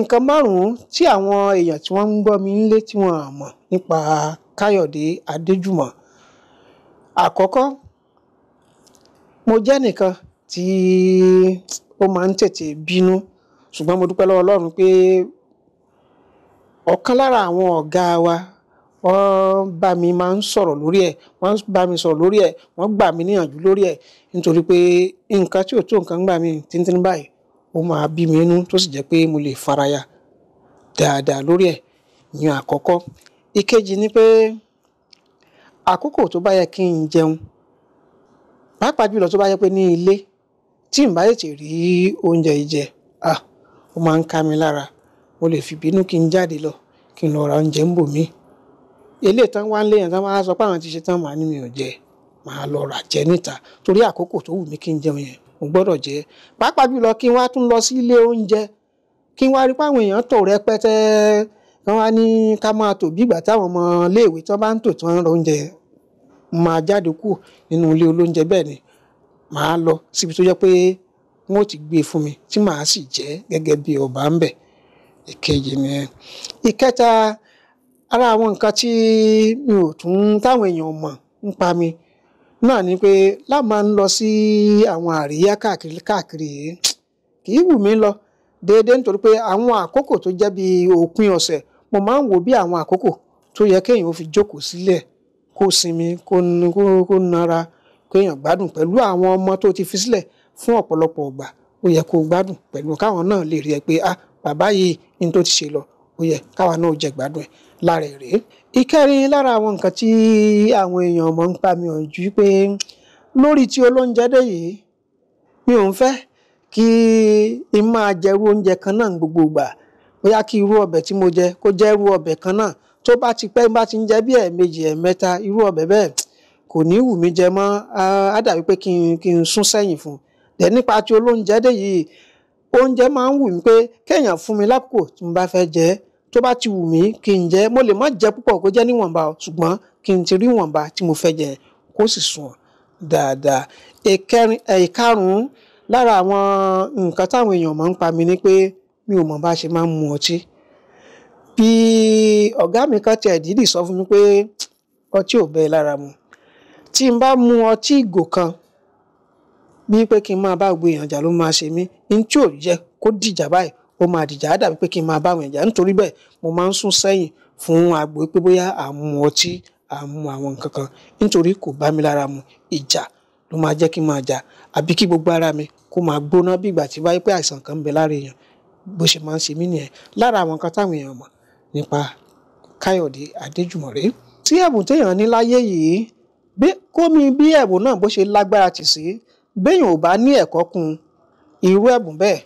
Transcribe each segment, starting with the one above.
nǹkan márùn-ún tí àwọn èèyàn tí wọ́n ń gbọ́ mi nílé tí wọ́n á mọ̀ nípa Káyọ̀dé Adéjùmọ̀ àkọ́kọ́ mo jẹ́ nìkan tí ó máa ń tètè bínú ṣùgbọ́n mo dúpẹ́ lọ́wọ́ Ọlọ́run pé ọ̀kan lára àwọn ọ̀gá wa wọ́n bá mi máa ń sọ̀rọ̀ lórí ẹ̀ wọ́n bá mi sọ̀rọ̀ lórí ẹ̀ wọ́n gbà mí níyànjú lórí ẹ̀ nítorí pé nǹkan tí ò tó nǹkan gbà mí tíntín báyìí ó máa bí mi nú tó sì jẹ́ pé mo lè faraya dáadáa lórí ẹ̀ ìyẹn àkọ́kọ́ ìkejì ni pé àkókò tó bá yẹ kí n jẹun pàápàá jùlọ tó bá yẹ pé ní ilé tí n bá tètè rí oúnjẹ ìjẹ ah ó máa ń ká mi lára mo lè fi bínú kí n jáde lọ kí n lọ ra oúnjẹ ń bò mí eléyìí tán wá ń tán máa sọ pé àwọn ti ṣe tán màá ní mi ò jẹ màá lọ rà jẹ níta torí àkókò tó wù mí kí n jẹun yẹn ó gbọ́dọ̀ jẹ́ pàápàá jùlọ kí wọ́n á tún lọ sí ilé oúnjẹ kí wọ́n á rí páwọn èèyàn tò rẹpẹtẹ wọ́n á ní ká máa tò bí ìgbà táwọn ọmọ iléèwé tí wọ́n bá ń tò tí wọ́n ń ra oúnjẹ máa jáde kù nínú ilé olóúnjẹ bẹ́ẹ̀ ni màá lọ síbi tó jẹ́ pé wọ́n ò ti gbé e fún mi tí màá sì jẹ gẹ́gẹ́ bí ọba ń bẹ̀ ìkejì nìyẹn ìkẹta ara àwọn nǹkan tí mi ò tún táwọn èèyàn mọ̀ nípa mi náà ni pé láàmà ń lọ sí àwọn àríyá káàkiri káàkiri yìí kì í wù mí lọ déédéé nítorí pé àwọn àkókò tó jẹ́ bí òpin ọ̀sẹ̀ mo máa ń wò bí àwọn àkókò tó yẹ kéèyàn ó fi jókòó sílẹ̀ kó sinmi kó kó nara kéèyàn gbádùn pẹ̀lú àwọn ọmọ tó ti fi sílẹ̀ fún ọ̀pọ̀lọpọ̀ ọgbà ó yẹ kó gbádùn pẹ̀lú káwọn náà lè rí ẹ pé ah bàbá yìí ní tó ti ṣe lọ ó yẹ káwọn náà ó jẹ gbádùn ẹ̀ lára èrè. ìkẹrin lára àwọn nǹkan tí àwọn èèyàn mọ̀ ń pa mi ò ju pé lórí tí olóúnjẹ dé yìí mi ò ń fẹ́ kí n máa jẹ irú oúnjẹ kan náà gbogbo ìgbà bóyá kí irú ọbẹ̀ tí mo jẹ kó jẹ́ irú ọbẹ̀ kan náà tó bá ti pẹ́ bá ti ń jẹ bí ẹ̀ẹ̀mejì ẹ̀ẹ̀mẹ́ta irú ọbẹ̀ bẹ́ẹ̀ kò ní wù mí jẹ mọ́ á pé kí n kí n sún sẹ́yìn fún un dẹ̀ nípa ti olóúnjẹ dé yìí oúnjẹ máa ń wù mí pé kéèyàn fún mi lákòókò tí mo bá fẹ́ jẹ ẹ́ tó bá ti wù mí kí n jẹ mo lè má jẹ púpọ̀ kó jẹ́ níwọ̀nba o ṣùgbọ́n kí n ti rí ìwọ̀nba tí mo fẹ́ jẹ kó sì sùn dáadáa. ìkẹrin ìkarùn-ún lára àwọn nǹkan táwọn èèyàn máa ń pa mi ni pé mi ò mọ̀ bá ṣe máa ń mu ọtí bí ọ̀gá mi kan tiẹ̀ dídì sọ fún mi pé ọtí ò bẹ́ẹ̀ lára mu tí n bá mu ọtí ìgò kan bíi pé kí n máa bá gbé èèyàn jà ló máa ṣe mí n tí ò yẹ kó dìjà báyìí ó máa dìjà á dàbí pé kí n máa bá àwọn ìjà nítorí bẹ́ẹ̀ mo máa ń sún sẹ́yìn fún agbo pé bóyá à ń mu ọtí à ń mu àwọn nǹkan kan nítorí kò bá mi lára mu ìjà ló máa jẹ́ kí n máa jà àbí kí gbogbo ara mi kó máa gbóná bí ìgbà tí báyìí pé àìsàn kan ń bẹ lára èèyàn bó ṣe máa ń ṣe mí nìyẹn lára àwọn nǹkan táwọn èèyàn mọ̀ nípa Káyọ̀dé Adéjùmọ̀rè tí ẹ̀bùn téèyàn ní láyé yìí kó mi bí ẹ̀bùn náà bó ṣe lágbára tì sí béèyàn ò bá ní ẹ̀kọ́ kun irú ẹ̀bùn bẹ́ẹ̀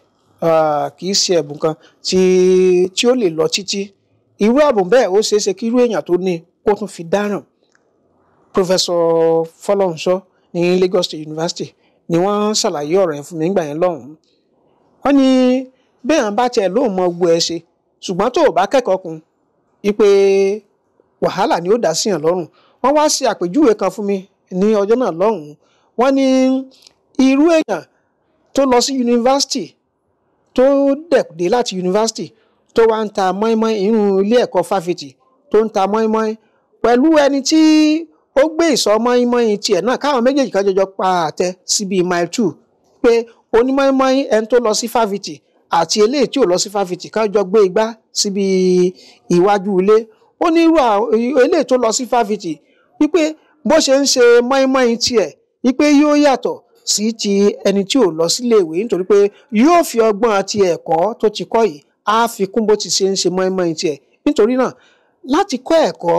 kì í ṣe ẹ̀bùn kan tí tí ó lè lọ títí irú ẹ̀bùn bẹ́ẹ̀ ó ṣeé ṣe kí irú èèyàn tó ní kó tún fi dáràn Professor Fọlọ́runṣọ́ ní Lagos State University ni wọ́n ṣàlàyé ọ̀rọ̀ yẹn fún mi nígbà yẹn lọ́hùn-ún wọ́n ní bẹ́ẹ̀ hàn bá tiẹ̀ lóun mọ gbogbo ẹ ṣe ṣùgbọ́n tó o bá kẹ́kọ̀ọ́ kun ipe wàhálà ni ó dá sí yàn lọ́rùn wọ́n wá ṣe àpèjúwe kan fún mi ní ọjọ́ náà lọ́hùn-ún wọ́n ní irú èèyàn tó lọ sí yunifásitì tó dẹ̀ dé láti yunifásitì tó wá ń ta mọ́ínmọ́ín irú ilé ẹ̀kọ́ fáfitì tó ń ta mọ́ínmọ́ín pẹ̀lú ẹni tí ó gbé ìsọ mọ́ínmọ́ín tiẹ̀ náà káwọn méjèèjì kan jọjọ pa àtẹ síbi mile two pé onímọ́ínmọ́ín ẹni tó lọ sí fáfitì àti eléyìí tí ò lọ sí fáfitì kan jọ gbé igbá síbi iwájú ilé ó ní irú eléyìí tó lọ sí fáfitì wípé bó ṣe ń ṣe mọ́ínmọ́ín tiẹ̀ wípé yóò yàtọ̀ sí ti ẹni tí ò lọ síléèwé nítorí pé yóò fi ọgbọ́n àti ẹ̀kọ́ tó ti kọ́ yìí á fi kún bó ti ṣe ń ṣe mọ́ínmọ́ín tiẹ̀ nítorí náà láti kọ́ ẹ̀kọ́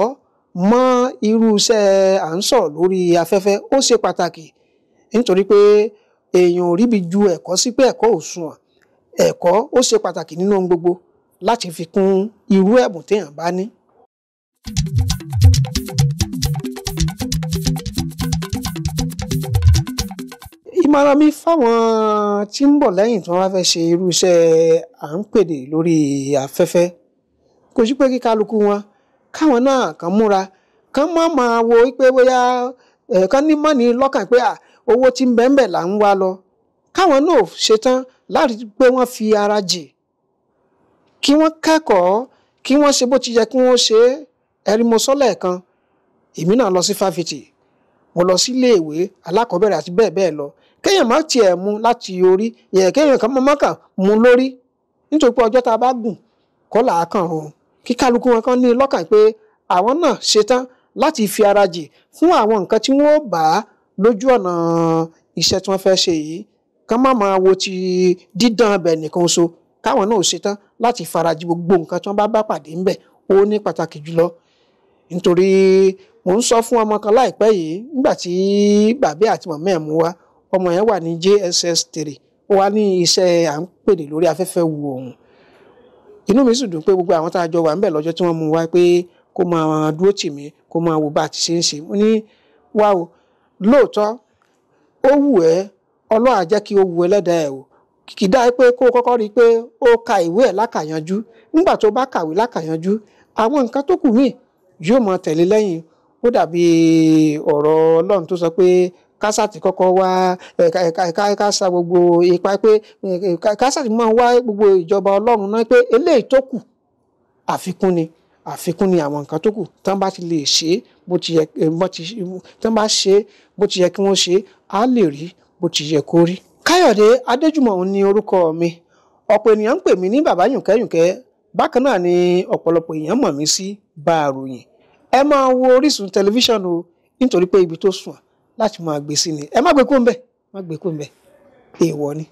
mọ́ irú iṣẹ́ à ń sọ lórí afẹ́fẹ́ ó ṣe pàtàkì nítorí pé èèyàn ò ríbi ju ẹ̀kọ́ sí pé ẹ̀kọ́ ò sunwọ̀n ẹ̀kọ́ ó ṣe pàtàkì nínú ohun gbogbo láti fi kún irú ẹ̀bùn téèyàn bá ní. ìmọ̀ràn mi fáwọn tí ń bọ̀ lẹ́yìn tí wọ́n bá fẹ́ ṣe irú iṣẹ́ à ń pèdè lórí afẹ́fẹ́ kò sí pé kí kálukú wọn káwọn náà kàn múra kàn má máa wo pé bóyá ẹ̀ẹ̀kan ní mọ́ni lọ́kàn pé owó tí ń bẹ́ẹ̀ là ń wá lọ káwọn náà ṣetán láti pé wọ́n fi ara jì kí wọ́n kẹ́kọ̀ọ́ kí wọ́n ṣe bó ti yẹ kí wọ́n ṣe ẹ̀rímọ́sọ́lẹ̀ kan èmi náà lọ sí fáfitì mo lọ sí iléèwé alákọ̀ọ́bẹ̀rẹ̀ àti bẹ́ẹ̀ bẹ́ẹ̀ lọ kéèyàn má tiẹ̀ mu láti orí yẹn kéèyàn kan mọ́ mọ́kà mu lórí nítorí pé ọjọ́ tá a bá gùn kọ́ là á kàn o kí kálukú wọn kan ní lọ́kàn pé àwọn náà ṣetán láti fi ara jì fún àwọn nǹkan tí wọ́n bá lójú ọ̀nà iṣẹ́ tí wọ́n fẹ́ ṣe yìí kán má máa wo ti dídán ibẹ̀ nìkan so káwọn náà ṣetán láti farajì gbogbo nǹkan tí wọ́n bá bá pàdé ńbẹ̀ ó ní pàtàkì jùlọ nítorí mò ń sọ fún ọmọ kan láìpẹ́ yìí nígbà tí bàbá àti mọ̀mọ́ ẹ̀ mú wá ọmọ yẹn wà ní JSS three ó wá ní iṣẹ́ à ń pè ní lórí afẹ́fẹ́ wu òun inú mi sì dùn pé gbogbo àwọn tá a jọ wà ńbẹ̀ lọ́jọ́ tí wọ́n mú wá pé kó máa dúró tì mí kó máa wo bá a ti ṣe ń ṣe mo ní wá o lóòótọ́ ó wù ẹ́ ọlọ́run jẹ́ kí ó wu ẹlẹ́dàá ẹ̀ o kì dá pé kó kọ́kọ́ rí i pé ó ka ìwé ẹ̀ lákàyanjú nígbà tó bá kàwé lákàyanjú àwọn nǹkan tó kù míì yóò máa tẹ̀lé lẹ́yìn ó dàbí ọ̀rọ̀ ọlọ́run tó sọ pé kásàtì kọ́kọ́ wá kásà gbogbo ipa pé kásàtì máa wá gbogbo ìjọba ọlọ́run náà pé eléyìí tó kù àfikún ni àfikún ni àwọn nǹkan tó kù tán bá ti lè ṣe bó ti yẹ tán bá ṣe bó ti yẹ kí wọ́n ṣe á lè rí bó ti yẹ kó rí. káyọ̀dé adéjùmọ̀ ni orúkọ mi ọ̀pọ̀ ènìyàn ń pè mí ní bàbá yùnkẹ́yùnkẹ́ bákan náà ni ọ̀pọ̀lọpọ̀ èèyàn mọ̀ mí sí bá a ròyìn ẹ máa wo Orísun tẹlifíṣàn o nítorí pé ibi tó sùn láti máa gbe si ni ẹ má gbé kó ń bẹ̀ má gbé kó ń ni.